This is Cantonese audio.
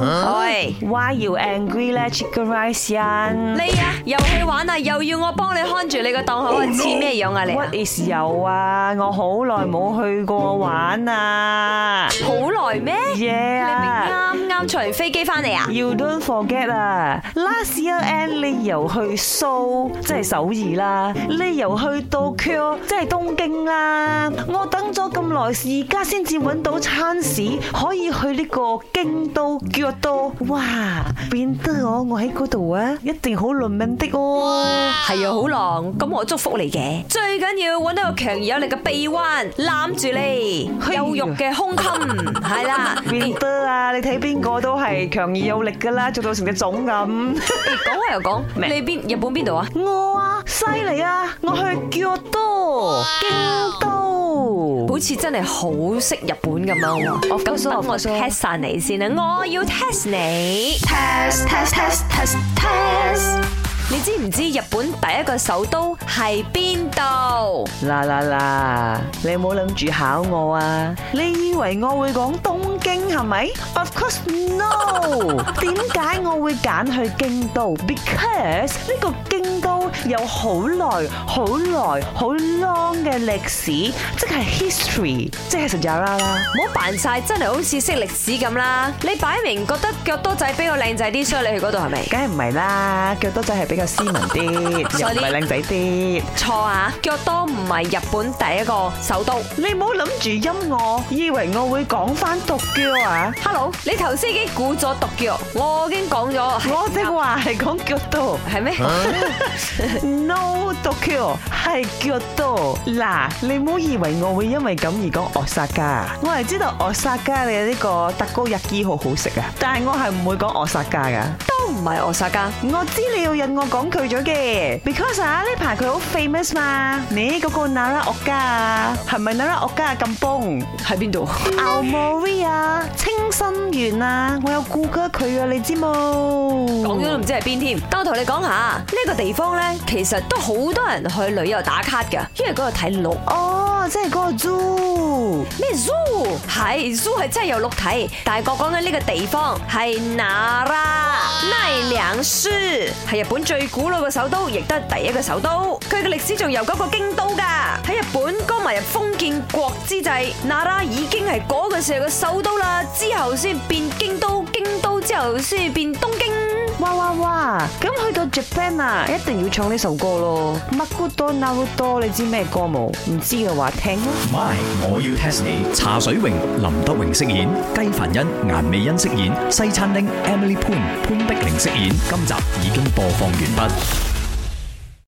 喂 Huh?，Why are you angry 咧，Chicharayan？你啊，又去玩啊，又要我幫你看住你個檔口、oh、知啊？似咩樣啊你？What is 遊啊？我好耐冇去過玩啊！好耐咩？Yeah，啱啱從飛機翻嚟啊！You don't forget 啊 ！Last year end，你由去 So，即係首爾啦；你由 去到 Kyu，即係東京啦。我等咗咁耐，而家先至搵到餐市，可以去呢個京都叫。哇，變得我我喺嗰度啊，一定好 lumin 的哦。係啊好狼，咁我祝福你嘅，最緊要揾到個強而有力嘅臂彎攬住你，有肉嘅胸襟，係啦，變得啊，你睇邊個都係強而有力噶啦，做到成隻粽咁，講話又講，你邊日本邊度啊？我啊，犀利啊，我去京都，京都。好似真係好識日本咁樣喎，我咁想我 test 下你先啦，我要 test 你。Test test test test test。你知唔知日本第一個首都係邊度？啦啦啦！你冇諗住考我啊？你以為我會講東京係咪？Of course no。點解我會揀去京都？Because 呢個京。有好耐、好耐、好 long 嘅歷史，即係 history，即係神仔啦啦，唔好扮晒，真係好似識歷史咁啦。你擺明，明覺得腳多仔比較靚仔啲，所以你去嗰度係咪？梗係唔係啦，腳多仔係比較斯文啲，又唔係靚仔啲。錯啊，腳多唔係日本第一個首都。你唔好諗住陰我，以為我會講翻獨腳啊！Hello，你頭先已經估咗獨腳，我已經講咗，我正話係講腳多，係咩？No Tokyo 係京都嗱，你唔好以為我會因為咁而講岳殺家。我係知道岳殺家你有呢個特高日耳好好食啊，但係我係唔會講岳殺家噶，都唔係岳殺家。我知你要引我講佢咗嘅，because 呢排佢好 famous 嘛。你嗰個奈拉岳家係咪奈拉岳家咁崩？喺邊度？Almoria 清新園啊，我有顧加佢啊，你知冇？講咗都唔知係邊添。等我同你講下呢個地方咧。其實都好多人去旅遊打卡㗎，因為嗰度睇鹿哦，即係嗰個 zoo，咩 zoo？係 zoo，係真係有鹿睇。大概講緊呢個地方係奈良，奈良市，係日本最古老嘅首都，亦都係第一個首都。佢嘅歷史仲由嗰個京都㗎。喺日本，剛埋入封建國之際，奈良已經係嗰個時候嘅首都啦，之後先變京都，京都之後先變東京。咁去到 Japan 啊，一定要唱呢首歌咯。Much too now too，你知咩歌冇？唔知嘅話聽咯。My，我要 test 你。茶水榮、林德榮飾演，雞凡欣、顏美欣飾演，西餐廳 Emily Poon，潘碧玲飾演。今集已經播放完畢。